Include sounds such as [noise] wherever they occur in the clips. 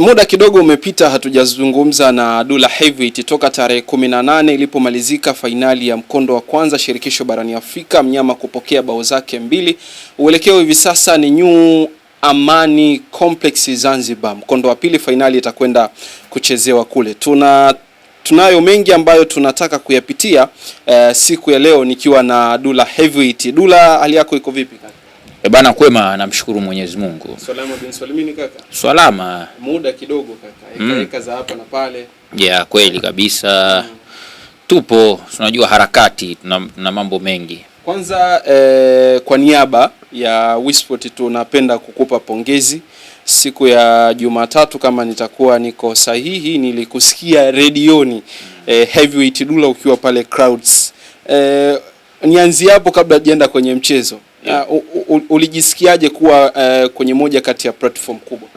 Muda kidogo umepita hatujazungumza na Dula Heavyweight toka tarehe 18 ilipomalizika fainali ya mkondo wa kwanza shirikisho barani Afrika, mnyama kupokea bao zake mbili. Uelekeo hivi sasa ni New Amani Complex Zanzibar, mkondo wa pili, fainali itakwenda kuchezewa kule. Tuna tunayo mengi ambayo tunataka kuyapitia eh, siku ya leo nikiwa na Dula Heavyweight. Dula, hali yako iko vipi kaka? Ebana eh, kwema, namshukuru Mwenyezi Mungu. Salama bin Salimini kaka. Salama. Muda kidogo kaka. Eka, mm. eka za hapa na pale. Yeah, kweli kabisa mm. Tupo tunajua harakati tuna, mambo mengi kwanza. Eh, kwa niaba ya Wisport tunapenda kukupa pongezi. Siku ya Jumatatu kama nitakuwa niko sahihi, nilikusikia redioni mm. eh, Heavyweight Dula ukiwa pale crowds eh, nianzie hapo kabla ajaenda kwenye mchezo Uh, ulijisikiaje kuwa uh, kwenye moja kati ya platform kubwa?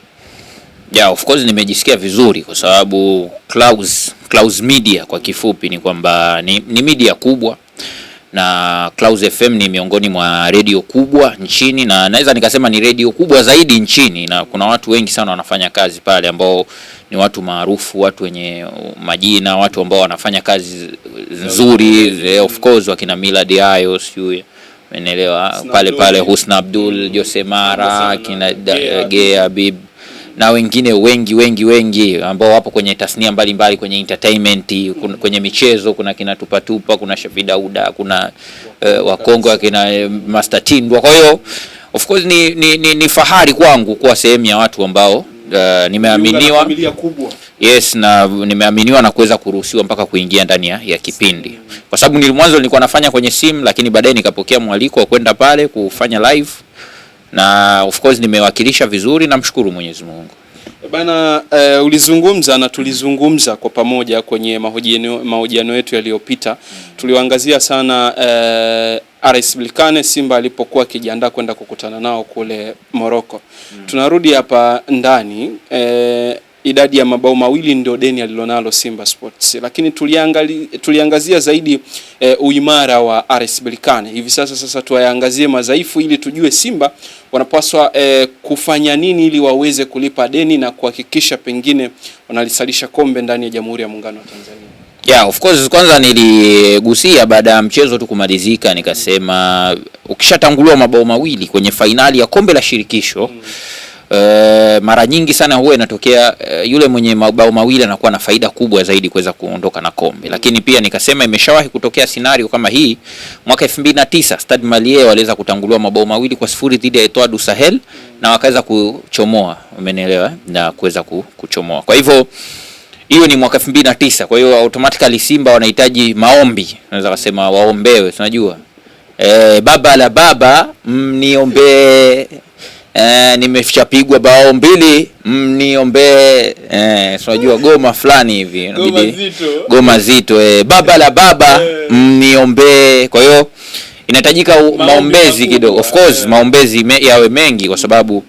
Yeah, of course nimejisikia vizuri kwa sababu Clouds, Clouds Media kwa kifupi ni kwamba ni, ni media kubwa na Clouds FM ni miongoni mwa redio kubwa nchini na naweza nikasema ni redio kubwa zaidi nchini, na kuna watu wengi sana wanafanya kazi pale ambao ni watu maarufu, watu wenye majina, watu ambao wanafanya kazi nzuri, of course wakina Millard Ayo sijui Umeelewa? Pale pale Husna Abdul, Jose Mara, kina Gea Bib na wengine wengi wengi wengi ambao wapo kwenye tasnia mbalimbali mbali, kwenye entertainment, kwenye michezo kuna kina Tupatupa, kuna Shafi Dauda, kuna uh, eh, wakongwe kina eh, Master Tindwa. Kwa hiyo of course ni, ni, ni, ni fahari kwangu kuwa sehemu ya watu ambao uh, nimeaminiwa yes, na nimeaminiwa na kuweza kuruhusiwa mpaka kuingia ndani ya kipindi, kwa sababu ni mwanzo nilikuwa nafanya kwenye simu, lakini baadaye nikapokea mwaliko wa kwenda pale kufanya live na of course nimewakilisha vizuri, namshukuru Mwenyezi Mungu. Eh, bana uh, ulizungumza na tulizungumza kwa pamoja kwenye mahojiano yetu yaliyopita, tuliwaangazia sana uh, RS Berkane Simba alipokuwa akijiandaa kwenda kukutana nao kule Morocco. Mm. Tunarudi hapa ndani e, idadi ya mabao mawili ndio deni alilonalo Simba Sports, lakini tuliangali, tuliangazia zaidi e, uimara wa RS Berkane. Hivi sasa sasa tuwaangazie madhaifu ili tujue Simba wanapaswa e, kufanya nini ili waweze kulipa deni na kuhakikisha pengine wanalisalisha kombe ndani ya Jamhuri ya Muungano wa Tanzania. Yeah, of course kwanza niligusia baada ya mchezo tu kumalizika nikasema ukishatanguliwa mabao mawili kwenye fainali ya kombe la shirikisho mm. Uh, mara nyingi sana huwa inatokea uh, yule mwenye mabao mawili anakuwa na faida kubwa zaidi kuweza kuondoka na kombe, mm. lakini pia nikasema imeshawahi kutokea scenario kama hii mwaka 2009 Stade Malien waliweza kutanguliwa mabao mawili kwa sifuri dhidi ya Etoile du Sahel mm. na wakaweza kuchomoa, umeelewa, na kuweza kuchomoa. Kwa hivyo hiyo ni mwaka 2009 kwa hiyo automatically Simba wanahitaji maombi, naweza kusema waombewe. Tunajua e, baba la baba mniombee e, nimeshapigwa bao mbili mniombee e, tunajua goma fulani hivi goma zito, goma zito. E, baba la baba eh. mniombee. Kwa hiyo inahitajika maombezi kidogo, of course eh. maombezi me, yawe mengi kwa sababu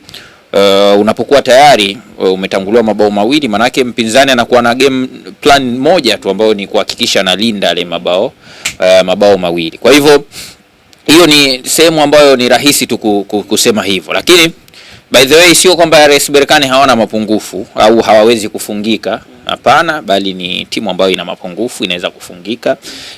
uh, unapokuwa tayari eh, umetanguliwa mabao mawili, manake mpinzani anakuwa na game plan moja tu ambayo ni kuhakikisha analinda yale mabao uh, mabao mawili. Kwa hivyo hiyo ni sehemu ambayo ni rahisi tu kusema hivyo, lakini By the way, sio kwamba rais Berkane hawana mapungufu au hawawezi kufungika, hapana, bali ni timu ambayo ina mapungufu, inaweza kufungika,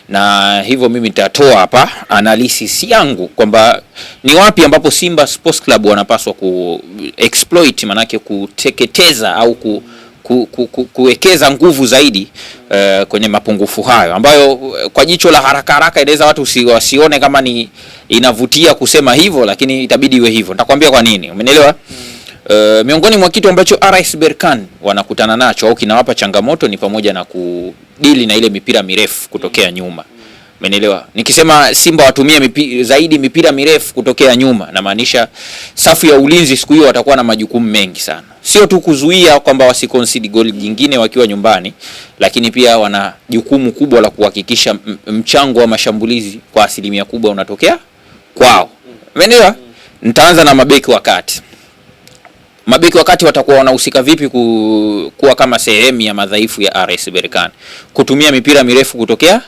na hivyo mimi nitatoa hapa analysis yangu kwamba ni wapi ambapo Simba Sports Club wanapaswa ku exploit, manake kuteketeza au ku ku, ku, ku, kuwekeza nguvu zaidi uh, kwenye mapungufu hayo ambayo eh, kwa jicho la haraka haraka inaweza watu wasione kama ni inavutia kusema hivyo, lakini itabidi iwe hivyo. Nitakwambia kwa nini, umenielewa? Uh, miongoni mwa kitu ambacho RS berkan wanakutana nacho au kinawapa changamoto ni pamoja na kudili na ile mipira mirefu kutokea nyuma. Umenielewa? Nikisema Simba watumie mipi, zaidi mipira mirefu kutokea nyuma, namaanisha safu ya ulinzi siku hiyo watakuwa na majukumu mengi sana sio tu kuzuia kwamba wasiconcede goli jingine wakiwa nyumbani, lakini pia wana jukumu kubwa la kuhakikisha mchango wa mashambulizi kwa asilimia kubwa unatokea kwao. Umeelewa? Nitaanza na mabeki wakati Mabeki wakati watakuwa wanahusika vipi ku, kuwa kama sehemu ya madhaifu ya RS Berkane, kutumia mipira mirefu kutokea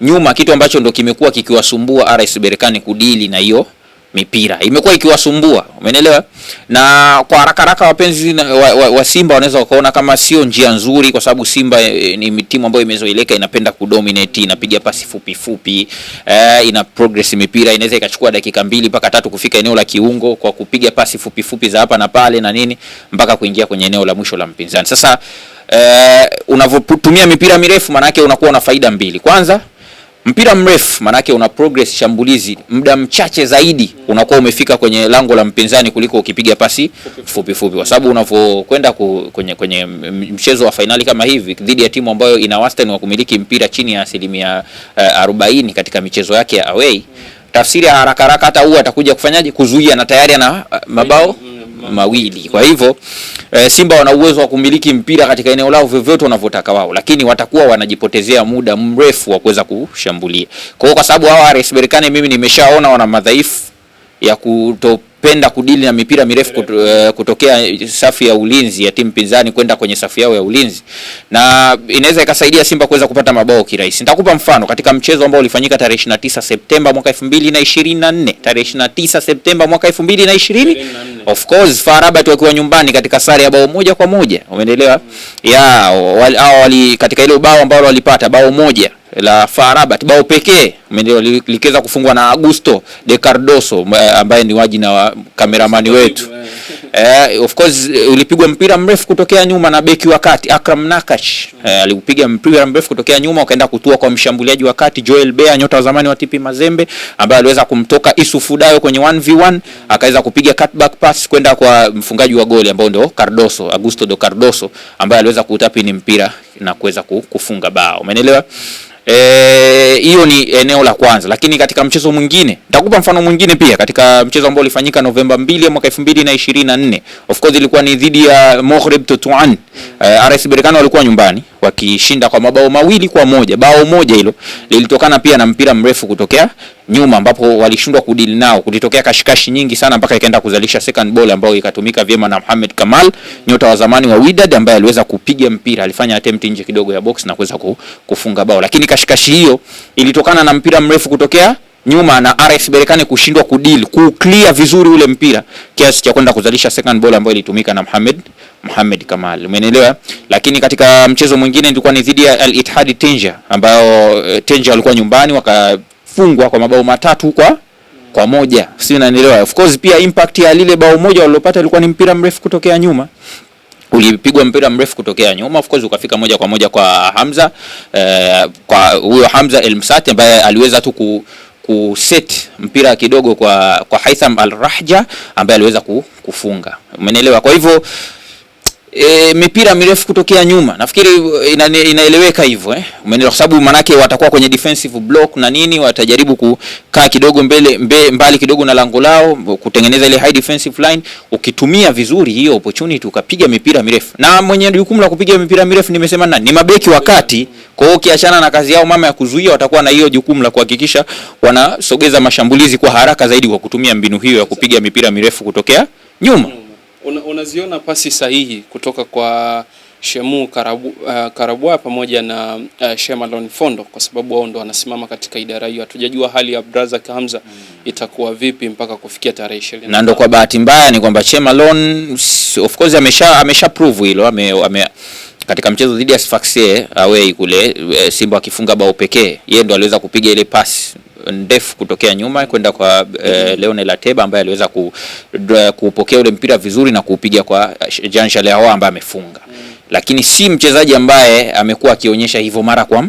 nyuma, kitu ambacho ndo kimekuwa kikiwasumbua RS Berkane kudili na hiyo mipira imekuwa ikiwasumbua, umeelewa. Na kwa haraka haraka wapenzi wa, wa, wa Simba wanaweza wakaona kama sio njia nzuri, kwa sababu Simba eh, ni timu ambayo imezoeleka, inapenda kudominate, inapiga pasi fupi fupi e, ina progress mipira, inaweza ikachukua dakika mbili mpaka tatu kufika eneo la kiungo kwa kupiga pasi fupi fupi za hapa na pale na nini mpaka kuingia kwenye eneo la mwisho la mpinzani. Sasa e, unavyotumia mipira mirefu, maana unakuwa na faida mbili, kwanza mpira mrefu manake una progress shambulizi, muda mchache zaidi unakuwa umefika kwenye lango la mpinzani kuliko ukipiga pasi fupi fupi, kwa sababu unavyokwenda kwenye, kwenye mchezo wa fainali kama hivi dhidi ya timu ambayo ina wastani wa kumiliki mpira chini ya asilimia eh, arobaini uh, katika michezo yake ya away, tafsiri ya haraka haraka hata huo atakuja kufanyaje kuzuia na tayari ana eh, mabao mawili. Kwa hivyo e, Simba wana uwezo wa kumiliki mpira katika eneo lao vyovyote wanavyotaka wao, lakini watakuwa wanajipotezea muda mrefu wa kuweza kushambulia. Kwa hiyo kwa sababu hawa RS Berkane mimi nimeshaona wana madhaifu ya kutop penda kudili na mipira mirefu uh, kutokea safu ya ulinzi ya timu pinzani kwenda kwenye safu yao ya ulinzi, na inaweza ikasaidia Simba kuweza kupata mabao kirahisi. Nitakupa mfano katika mchezo ambao ulifanyika tarehe 29 Septemba mwaka 2024, tarehe 29 Septemba mwaka 2020, of course FAR Rabat wakiwa nyumbani katika sare ya bao moja kwa moja, umeendelewa mm. ya wali, wali, katika ile bao ambao walipata bao moja la FAR Rabat bao pekee likiweza kufungwa na Augusto De Cardoso ambaye ni waji na kameramani wetu. Eh. [laughs] eh, of course eh, ulipigwa mpira mrefu kutokea nyuma na beki wa kati Akram Nakash. Eh, aliupiga mpira mrefu kutokea nyuma ukaenda kutua kwa mshambuliaji wa kati Joel Bea, nyota wa zamani wa TP Mazembe ambaye aliweza kumtoka Isu Fudayo kwenye 1v1 akaweza kupiga cutback pass kwenda kwa mfungaji wa goli ambao ndio Cardoso, Augusto De Cardoso ambaye aliweza kuutapi ni mpira na kuweza kufunga bao. Umeelewa? Eh, hiyo ni eneo eneo la kwanza, lakini katika mchezo mwingine nitakupa mfano mwingine pia, katika mchezo ambao ulifanyika Novemba 2 mwaka 2024, of course ilikuwa ni dhidi ya Maghreb Tetouan. Uh, eh, RS berkano walikuwa nyumbani wakishinda kwa mabao mawili kwa moja. Bao moja hilo lilitokana pia na mpira mrefu kutokea nyuma ambapo walishindwa kudili nao, kulitokea kashikashi nyingi sana mpaka ikaenda kuzalisha second ball ambayo ikatumika vyema na Mohamed Kamal, nyota wa zamani wa Wydad ambaye aliweza kupiga mpira, alifanya attempt nje kidogo ya box na kuweza kufunga bao, lakini kashikashi hiyo ilitokana na mpira mrefu kutokea nyuma na RS Berkane kushindwa kudili, kuclear vizuri ule mpira kiasi cha kwenda kuzalisha second ball ambayo ilitumika na Mohamed Mohamed Kamal, umeelewa. Lakini katika mchezo mwingine ilikuwa ni dhidi ya Al Ittihad Tanger, ambao eh, Tanger walikuwa nyumbani wakafungwa kwa mabao matatu kwa kwa moja, si unanielewa? Of course pia impact ya lile bao moja walilopata ilikuwa ni mpira mrefu kutokea nyuma ulipigwa mpira mrefu kutokea nyuma, of course ukafika moja kwa moja kwa Hamza eh, kwa huyo Hamza El Msati ambaye aliweza tu ku, ku set mpira kidogo kwa kwa Haitham Al Rahja ambaye aliweza ku, kufunga, umeelewa? Kwa hivyo e, mipira mirefu kutokea nyuma. Nafikiri e, ina, inaeleweka hivyo eh. Umeelewa kwa sababu manake watakuwa kwenye defensive block na nini, watajaribu kukaa kidogo mbele mbe, mbali kidogo na lango lao kutengeneza ile high defensive line. Ukitumia vizuri hiyo opportunity ukapiga mipira mirefu, na mwenye jukumu la kupiga mipira mirefu nimesema nani, ni mabeki wakati. Kwa hiyo ukiachana na kazi yao mama ya kuzuia, watakuwa na hiyo jukumu la kuhakikisha wanasogeza mashambulizi kwa haraka zaidi kwa kutumia mbinu hiyo ya kupiga mipira mirefu kutokea nyuma una, unaziona pasi sahihi kutoka kwa Shemu Karabu, uh, Karabwa pamoja na uh, Shemalon Fondo kwa sababu wao ndo wanasimama katika idara hiyo. Hatujajua hali ya Brazak Hamza mm. itakuwa vipi mpaka kufikia tarehe ishirini na ndo kwa bahati mbaya ni kwamba Shemalon of course amesha amesha prove hilo ame, ame katika mchezo dhidi ya Sfaxien away kule eh, Simba akifunga bao pekee, yeye ndo aliweza kupiga ile pasi ndefu kutokea nyuma kwenda kwa e, eh, Leonel Ateba ambaye aliweza kupokea ule mpira vizuri na kuupiga kwa eh, Jean Charles Ahoua ambaye amefunga mm. Lakini si mchezaji ambaye amekuwa akionyesha hivyo mara kwa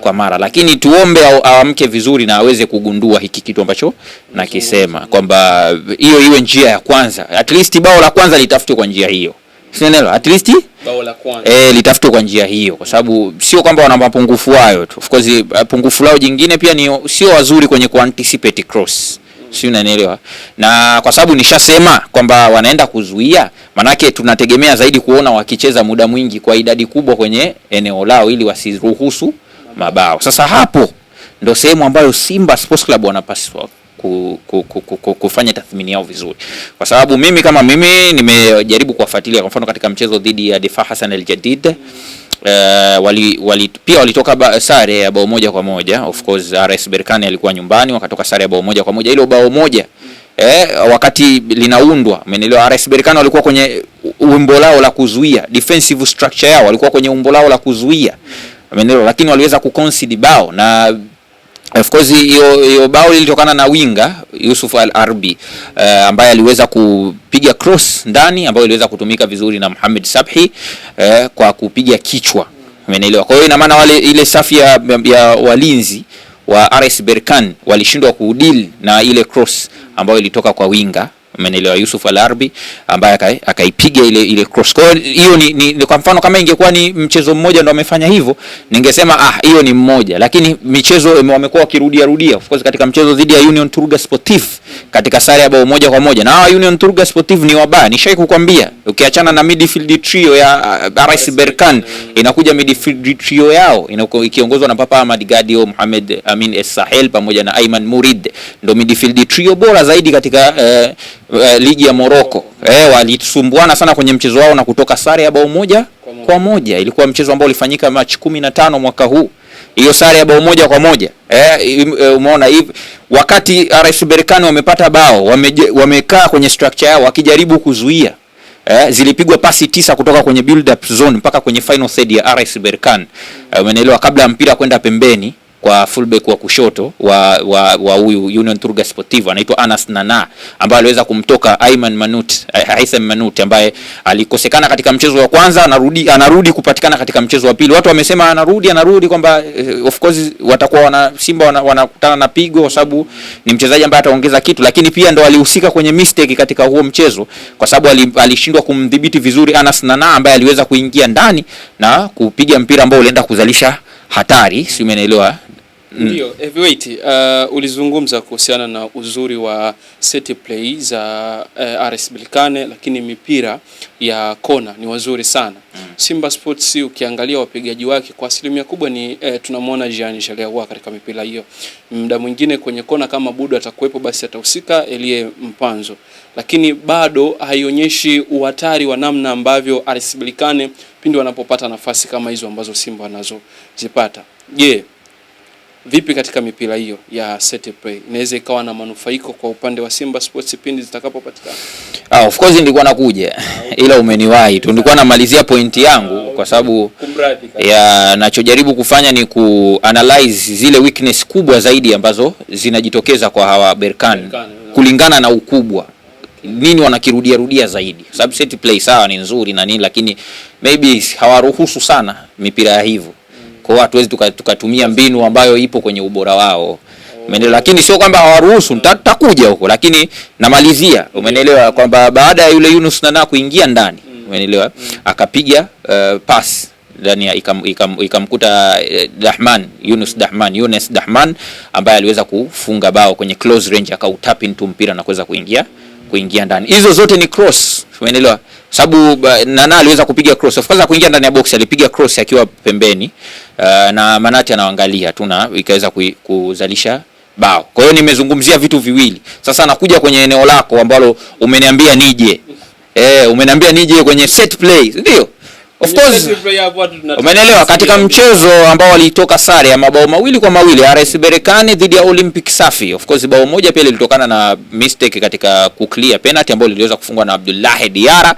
kwa mara lakini tuombe awamke vizuri na aweze kugundua hiki kitu ambacho nakisema kwamba hiyo iwe njia ya kwanza, at least bao la kwanza litafutwe kwa njia hiyo. Sinelewa, at least eh litafutwe kwa njia hiyo, kwa sababu sio kwamba wana mapungufu hayo tu. Of course eh, pungufu lao jingine pia ni sio wazuri kwenye ku anticipate cross mm. si unanielewa? Na kwa sababu nishasema kwamba wanaenda kuzuia, manake tunategemea zaidi kuona wakicheza muda mwingi kwa idadi kubwa kwenye eneo lao ili wasiruhusu mabao. Sasa hapo ndo sehemu ambayo Simba Sports Club wanapaswa kufanya tathmini yao vizuri, kwa sababu mimi kama mimi nimejaribu kuwafuatilia. Kwa mfano katika mchezo dhidi ya Defa Hassan El Jadid Uh, wali, wali, pia walitoka ba, sare ya bao moja kwa moja. Of course RS Berkane alikuwa nyumbani, wakatoka sare ya bao moja kwa moja. Ile bao moja eh, wakati linaundwa, umeelewa, RS Berkane walikuwa kwenye umbo lao la kuzuia, defensive structure yao walikuwa kwenye umbo lao la kuzuia, umeelewa, lakini waliweza kuconcede bao na Of course hiyo hiyo bao lilitokana na winga Yusuf Al Arbi uh, ambaye aliweza kupiga cross ndani ambayo iliweza kutumika vizuri na Mohamed Sabhi uh, kwa kupiga kichwa. Umeelewa? Kwa hiyo ina maana wale ile safi ya, ya walinzi wa RS berkan walishindwa kudeal na ile cross ambayo ilitoka kwa winga Umeelewa? Yusuf Al-Arbi ambaye akaipiga ile ile cross. Kwa hiyo ni, ni, ni kwa mfano kama ingekuwa ni mchezo mmoja ndo amefanya hivyo, ningesema ah, hiyo ni mmoja, lakini michezo wamekuwa wakirudia rudia. Of course katika mchezo dhidi ya Union Turga Sportif katika sare ya bao moja kwa moja, na Union Turga Sportif ni wabaya, nishai kukwambia. Ukiachana na midfield trio ya uh, RS Berkane, inakuja midfield trio yao ikiongozwa na Papa Ahmad Gadio, Mohamed Amin Es Sahel pamoja na Ayman Murid, ndo midfield trio bora zaidi katika uh, uh, ligi ya Morocco eh, walisumbuana sana kwenye mchezo wao na kutoka sare ya bao moja kwa moja, Ilikuwa mchezo ambao ulifanyika Machi 15 mwaka huu hiyo sare ya bao moja kwa moja eh, eh umeona hivi. Wakati RS Berkane wamepata bao wamekaa kwenye structure yao wakijaribu kuzuia eh, zilipigwa pasi tisa kutoka kwenye build up zone mpaka kwenye final third ya RS Berkane. eh, kabla ya mpira kwenda pembeni kwa fullback wa kushoto wa wa, wa huyu Union Turga Sportiva anaitwa Anas Nana ambaye aliweza kumtoka Ayman Manut eh, Haitham Manut ambaye alikosekana katika mchezo wa kwanza, anarudi anarudi kupatikana katika mchezo wa pili. Watu wamesema anarudi anarudi kwamba eh, of course watakuwa wana Simba wanakutana wana na pigo kwa sababu ni mchezaji ambaye ataongeza kitu, lakini pia ndo alihusika kwenye mistake katika huo mchezo kwa sababu alishindwa kumdhibiti vizuri Anas Nana ambaye aliweza kuingia ndani na kupiga mpira ambao ulienda kuzalisha hatari, si umeelewa? Mm. Ndio, mm. Eh, Heavyweight, uh, ulizungumza kuhusiana na uzuri wa set play za uh, eh, RS Berkane lakini mipira ya kona ni wazuri sana. Mm. Simba Sports ukiangalia wapigaji wake kwa asilimia kubwa ni uh, tunamwona Jean Shalewa katika mipira hiyo. Muda mwingine kwenye kona kama Budo atakuwepo basi atahusika Elie Mpanzo. Lakini bado haionyeshi uhatari wa namna ambavyo RS Berkane pindi wanapopata nafasi kama hizo ambazo Simba wanazozipata. Je, yeah vipi katika mipira hiyo ya set play inaweza ikawa na manufaiko kwa upande wa Simba Sports pindi zitakapopatikana? Ah, of course nilikuwa nakuja ah, ila umeniwahi tu, nilikuwa ah, namalizia pointi ah, yangu kwa sababu ya nachojaribu kufanya ni analyze zile weakness kubwa zaidi ambazo zinajitokeza kwa hawa Berkane kulingana na ukubwa nini wanakirudia rudia zaidi, sababu set play sawa ni nzuri na nini, lakini maybe hawaruhusu sana mipira ya hivyo kwa hiyo hatuwezi tukatumia tuka mbinu ambayo ipo kwenye ubora wao. Umeelewa? Lakini sio kwamba hawaruhusu, tutakuja huko, lakini namalizia, umeelewa kwamba baada ya yule Yunus Nana kuingia ndani, umeelewa, akapiga uh, pass ndani ya ikamkuta eh, Dahman Yunus Dahman Yunus Dahman ambaye aliweza kufunga bao kwenye close range, akautapi mtu mpira na kuweza kuingia kuingia ndani. Hizo zote ni cross, umeelewa sababu uh, Nana aliweza kupiga cross. Of course kuingia ndani ya box alipiga cross akiwa pembeni uh, na Manati anaangalia tu na ikaweza kuzalisha bao. Kwa hiyo nimezungumzia vitu viwili. Sasa nakuja kwenye eneo lako ambalo umeniambia nije. Eh, umeniambia nije kwenye set play, ndio? Of course umeelewa. Katika mchezo ambao walitoka sare ya mabao mawili kwa mawili RS berekani dhidi ya Olympic Safi, of course bao moja pia lilitokana na mistake katika kuclear penalty ambayo liliweza kufungwa na Abdullahi Diara.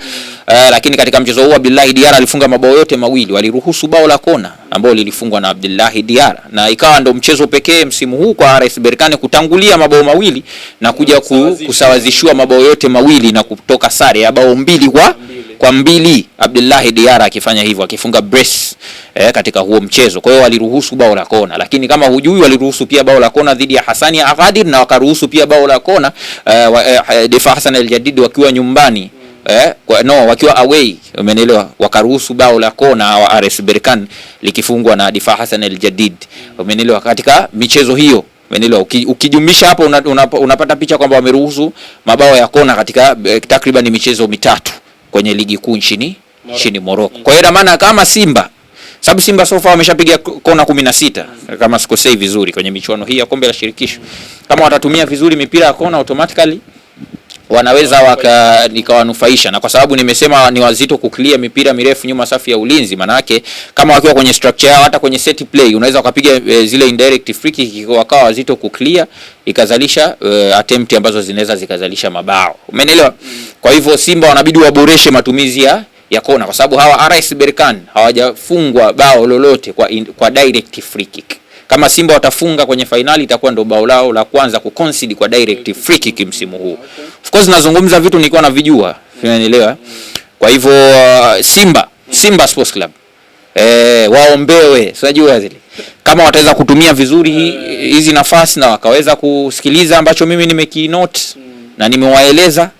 Uh, eh, lakini katika mchezo huu Abdullahi Diara alifunga mabao yote mawili, waliruhusu bao la kona ambao lilifungwa na Abdullahi Diara, na ikawa ndo mchezo pekee msimu huu kwa RS berekani kutangulia mabao mawili na kuja kusawazishiwa mabao yote mawili na kutoka sare ya bao mbili kwa mbili kwa mbili, Abdullahi Diara akifanya hivyo akifunga brace eh, katika huo mchezo. Kwa hiyo waliruhusu bao la kona, lakini kama hujui, waliruhusu pia bao la kona dhidi ya Hasani ya Agadir na wakaruhusu pia bao la kona eh, wa, eh, Defa Hasan Al Jadid wakiwa nyumbani eh, kwa, no wakiwa away, umeelewa, wakaruhusu bao la kona wa RS Berkan likifungwa na Defa Hasan Al Jadid, umeelewa, katika michezo hiyo Menilo, ukijumlisha hapo unapata una, una picha kwamba wameruhusu mabao ya kona katika eh, takriban michezo mitatu kwenye ligi kuu nchini nchini Morocco. Kwa hiyo ina maana kama Simba sababu Simba sofa wameshapiga kona 16 kama sikosei vizuri kwenye michuano hii ya kombe la shirikisho. Kama watatumia vizuri mipira ya kona automatically wanaweza waka nikawanufaisha, na kwa sababu nimesema ni wazito kuklia mipira mirefu nyuma safi ya ulinzi, maana yake kama wakiwa kwenye structure yao, hata kwenye set play unaweza ukapiga e, eh, zile indirect free kick wakawa wazito kuklia ikazalisha e, attempt ambazo zinaweza zikazalisha mabao, umeelewa? Kwa hivyo Simba wanabidi waboreshe matumizi ya ya kona, kwa sababu hawa RS berkan hawajafungwa bao lolote kwa, in, kwa direct free kick. Kama Simba watafunga kwenye fainali itakuwa ndo bao lao la kwanza concede kwa direct free kick msimu huu. Of course nazungumza vitu nilikuwa navijua, unanielewa? Kwa hivyo uh, Simba, Simba Sports Club eh, waombewe, unajua zile kama wataweza kutumia vizuri hizi nafasi na wakaweza kusikiliza ambacho mimi nimekinote na nimewaeleza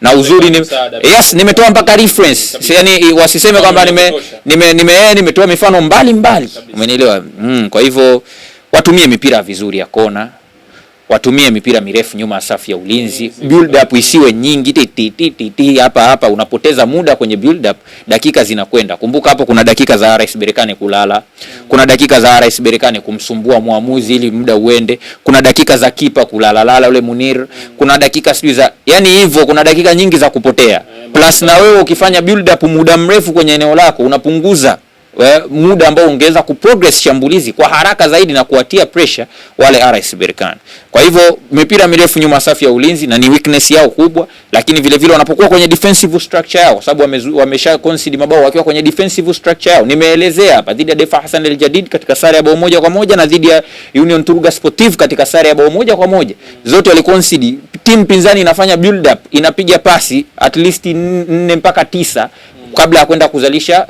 na uzuri ni, yes nimetoa mpaka reference yani, wasiseme kwamba nime nime nime nimetoa mifano mbali mbali, umenielewa? Mm, kwa hivyo watumie mipira vizuri ya kona watumie mipira mirefu nyuma ya safu ya ulinzi, build up isiwe nyingi ti, ti, ti, hapa hapa. Unapoteza muda kwenye build up, dakika zinakwenda. Kumbuka hapo kuna dakika za RS Berkane kulala, kuna dakika za RS Berkane kumsumbua mwamuzi ili muda uende, kuna dakika za kipa kulala lala ule Munir, kuna dakika sijui za yani hivyo, kuna dakika nyingi za kupotea, eh, plus na wewe ukifanya build up muda mrefu kwenye eneo lako unapunguza Eh, muda ambao ungeweza kuprogress shambulizi kwa haraka zaidi na kuwatia pressure wale RS Berkane. Kwa hivyo mipira mirefu nyuma safu ya ulinzi na ni weakness yao kubwa, lakini vile vile wanapokuwa kwenye defensive structure yao, kwa sababu wamesha concede mabao wakiwa kwenye defensive structure yao. Nimeelezea hapa dhidi ya Defa Hassan El Jadid katika sare ya bao moja kwa moja na dhidi ya Union Turuga Sportive katika sare ya bao moja kwa moja. Zote waliconcede, timu pinzani inafanya build up, inapiga pasi at least 4 mpaka tisa kabla ya kwenda kuzalisha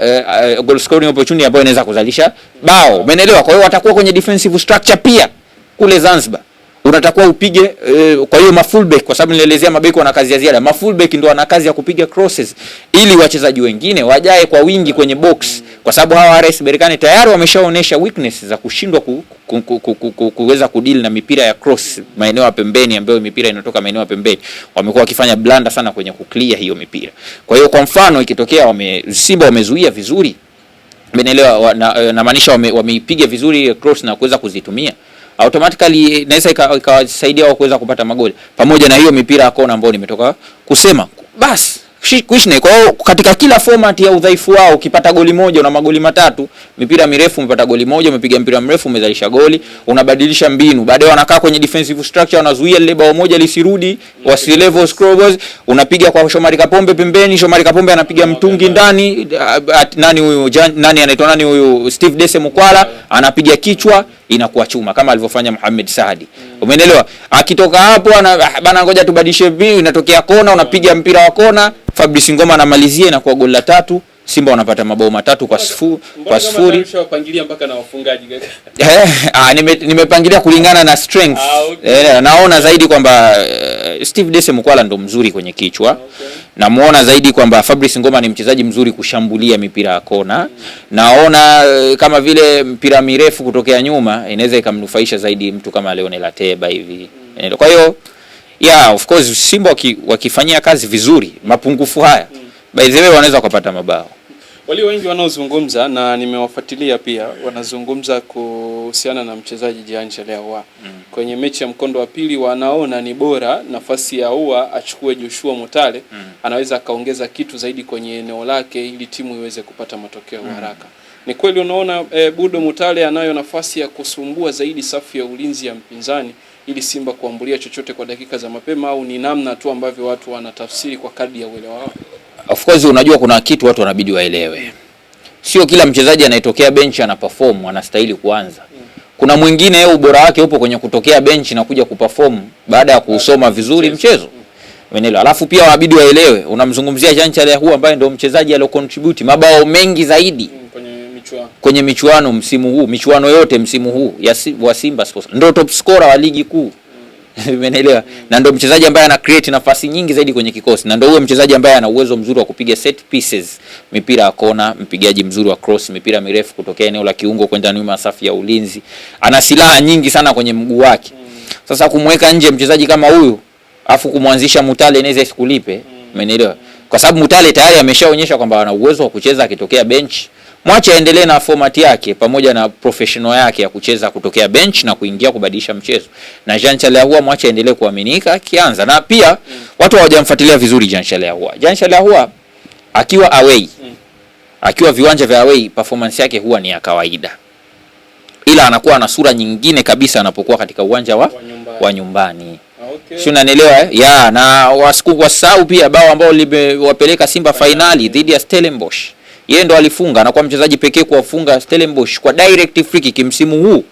uh, uh, goal scoring opportunity ambayo inaweza kuzalisha bao. Umeelewa? Kwa hiyo watakuwa kwenye defensive structure pia kule Zanzibar unatakuwa upige uh, kwa hiyo mafullback, kwa sababu nilielezea mabeki wana kazi ya ziada. Mafullback ndio wana kazi ya kupiga crosses ili wachezaji wengine wajae kwa wingi kwenye box, kwa sababu hawa RS Berkane tayari wameshaonesha weakness za kushindwa ku kuweza kudili na mipira ya cross maeneo ya pembeni, ambayo mipira inatoka maeneo ya pembeni. Wamekuwa wakifanya blanda sana kwenye kuclear hiyo mipira. Kwa hiyo kwa mfano ikitokea wame, Simba wamezuia vizuri, umeelewa, eh, namaanisha na wame, wameipiga vizuri cross na kuweza kuzitumia automatically naweza ikawasaidia wao kuweza kupata magoli, pamoja na hiyo mipira ya kona ambayo nimetoka kusema basi kuishi Kwa hiyo katika kila format ya udhaifu wao, ukipata goli moja una magoli matatu, mipira mirefu umepata goli moja, umepiga mpira mrefu umezalisha goli, unabadilisha mbinu. Baadaye wanakaa kwenye defensive structure, wanazuia lile bao moja lisirudi, wasi level scrubbers, unapiga kwa Shomari Kapombe pembeni, Shomari Kapombe anapiga mtungi ndani, nani huyu nani anaitwa nani huyu Steve Dese Mukwala anapiga kichwa inakuwa chuma kama alivyofanya Muhammad Saadi. Mm. Umeelewa? Akitoka hapo bana, ngoja tubadilishe mbinu, inatokea kona, unapiga mpira wa kona, Fabrice Ngoma anamalizia, inakuwa goli la tatu Simba wanapata mabao matatu kwa sifuri kwa sifuri. [laughs] Eh, ah, nimepangilia kulingana na strength. Ah, okay. E, naona zaidi kwamba uh, Steve Dese Mukwala ndo mzuri kwenye kichwa. Okay. Namuona zaidi kwamba Fabrice Ngoma ni mchezaji mzuri kushambulia mipira ya kona. Mm. Naona kama vile mpira mirefu kutokea nyuma inaweza ikamnufaisha zaidi mtu kama Leonel Ateba hivi. Mm. Kwa hiyo yeah, of course Simba wakifanyia kazi vizuri mapungufu haya, mm. by the way wanaweza kupata mabao. Walio wengi wanaozungumza na nimewafuatilia pia, wanazungumza kuhusiana na mchezaji Jangele Ahoua mm. kwenye mechi ya mkondo wa pili, wanaona ni bora nafasi ya Ahoua achukue Joshua Mutale mm. anaweza akaongeza kitu zaidi kwenye eneo lake ili timu iweze kupata matokeo mm. haraka. Ni kweli unaona e, Budo Mutale anayo nafasi ya kusumbua zaidi safu ya ulinzi ya mpinzani ili Simba kuambulia chochote kwa dakika za mapema, au ni namna tu ambavyo watu wanatafsiri kwa kadi ya uelewa wao? Of course unajua kuna kitu watu wanabidi waelewe, sio kila mchezaji anayetokea benchi ana perform anastahili kuanza. Kuna mwingine yeye eh, ubora wake upo kwenye kutokea benchi na kuja kuperform baada ya kusoma vizuri mchezo. Umeelewa? Alafu pia wanabidi waelewe, unamzungumzia Jean Charles Ahoua ambaye ndio mchezaji aliyocontribute mabao mengi zaidi mm, kwenye michuano msimu huu, michuano yote msimu huu ya wa Simba Sports, ndio top scorer wa ligi kuu. [laughs] Umeelewa? Na ndio mchezaji ambaye ana create nafasi nyingi zaidi kwenye kikosi na ndio huyo mchezaji ambaye ana uwezo mzuri wa kupiga set pieces, mipira ya kona, mpigaji mzuri wa cross, mipira mirefu kutokea eneo la kiungo kwenda nyuma safu ya ulinzi. Ana silaha nyingi sana kwenye mguu wake. Sasa kumweka nje mchezaji kama huyu afu kumwanzisha Mutale inaweza isikulipe. Umeelewa? Kwa sababu Mutale tayari ameshaonyesha kwamba ana uwezo wa kucheza akitokea bench. Mwache aendelee na format yake pamoja na professional yake ya kucheza kutokea bench na kuingia kubadilisha mchezo. Na Jean Chalahua mwache aendelee kuaminika kianza. Na pia mm. watu hawajamfuatilia vizuri Jean Chalahua. Jean Chalahua akiwa away mm. akiwa viwanja vya away performance yake huwa ni ya kawaida. Ila anakuwa na sura nyingine kabisa anapokuwa katika uwanja wa, wa nyumbani. Ah, okay. Si unanielewa? eh? Ya na wasiku wasau pia bao ambao limewapeleka Simba finali dhidi ya Stellenbosch yeye ndo alifunga, na kwa mchezaji pekee kuwafunga Stellenbosch kwa direct free kick msimu huu.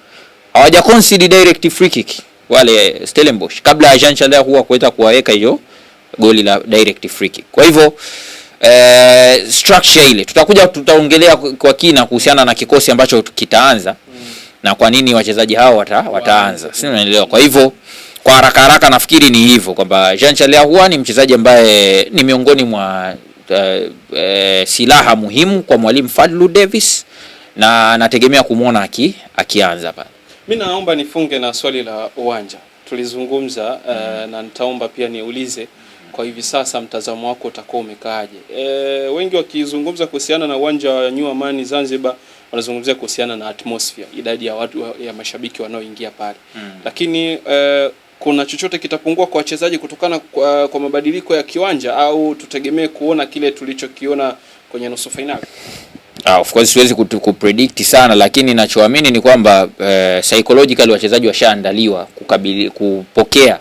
Hawaja concede direct free kick wale Stellenbosch, kabla ya Jean Chalea huwa kuweza kuwaweka hiyo goli la direct free kick. Kwa hivyo eh, structure ile tutakuja tutaongelea kwa kina kuhusiana na kikosi ambacho kitaanza mm, na kwa nini wachezaji hao wata, wataanza si unaelewa? Kwa hivyo kwa haraka haraka nafikiri ni hivyo kwamba Jean Chalea huwa ni mchezaji ambaye ni miongoni mwa uh, uh, silaha muhimu kwa mwalimu Fadlu Davis na nategemea kumwona aki, akianza pale. Mimi naomba nifunge na swali la uwanja tulizungumza uh, na nitaomba pia niulize kwa hivi sasa mtazamo wako utakuwa umekaaje? E, wengi wakizungumza kuhusiana na uwanja wa New Amani Zanzibar wanazungumzia kuhusiana na atmosphere, idadi ya watu ya mashabiki wanaoingia pale mm. lakini uh, kuna chochote kitapungua kwa wachezaji kutokana kwa, kwa mabadiliko ya kiwanja au tutegemee kuona kile tulichokiona kwenye nusu fainali? Ah, of course siwezi kupredict sana, lakini ninachoamini ni kwamba eh, psychologically wachezaji washaandaliwa kukabili kupokea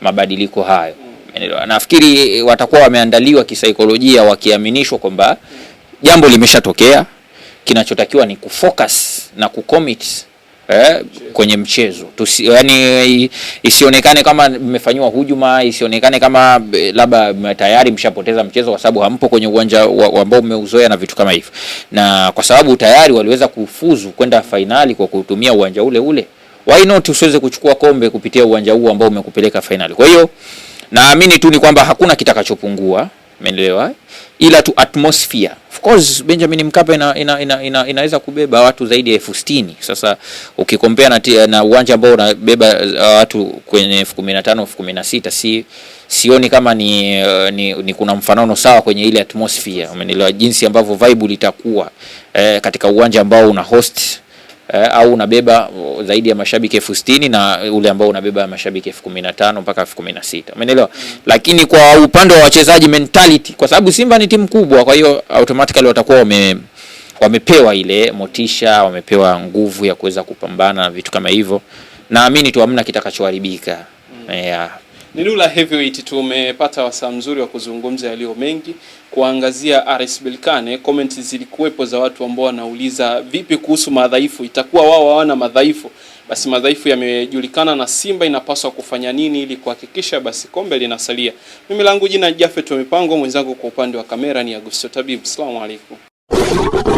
mabadiliko hayo. Umeelewa? Nafikiri eh, watakuwa wameandaliwa kisaikolojia wakiaminishwa kwamba jambo limeshatokea, kinachotakiwa ni kufocus na kucommit eh, kwenye mchezo Tusi, yani isionekane kama mmefanyiwa hujuma, isionekane kama eh, labda tayari mshapoteza mchezo kwa sababu hampo kwenye uwanja ambao mmeuzoea na vitu kama hivyo, na kwa sababu tayari waliweza kufuzu kwenda fainali kwa kutumia uwanja ule ule, why not usiweze kuchukua kombe kupitia uwanja huu ambao umekupeleka fainali? Kwa hiyo naamini tu ni kwamba hakuna kitakachopungua, umeelewa? ila tu atmosphere. Of course Benjamin Mkapa ina, ina, ina, ina, inaweza kubeba watu zaidi ya elfu sitini. Sasa ukikompea na, na uwanja ambao unabeba uh, watu kwenye elfu kumi na tano elfu kumi na sita si sioni kama ni, uh, ni, ni kuna mfanano sawa kwenye ile atmosphere, umeelewa jinsi ambavyo vibe litakuwa eh, katika uwanja ambao una host eh, au unabeba zaidi ya mashabiki elfu sitini na ule ambao unabeba mashabiki elfu kumi na tano mpaka elfu kumi na sita umeelewa? Mm. Lakini kwa upande wa wachezaji mentality, kwa sababu Simba ni timu kubwa, kwa hiyo automatically watakuwa wame wamepewa ile motisha, wamepewa nguvu ya kuweza kupambana na vitu kama hivyo. Naamini tu hamna kitakachoharibika. Mm. Yeah. Ni Heavyweight, tumepata wasaa mzuri wa kuzungumza yaliyo mengi kuangazia RS Belkane, comment zilikuwepo za watu ambao wanauliza vipi kuhusu madhaifu, itakuwa wao hawana madhaifu? Basi madhaifu yamejulikana na Simba inapaswa kufanya nini ili kuhakikisha basi kombe linasalia. Mimi langu jina Jafet wa Mipango, mwenzangu kwa upande wa kamera ni Agusto Tabibu. Asalamu alaykum.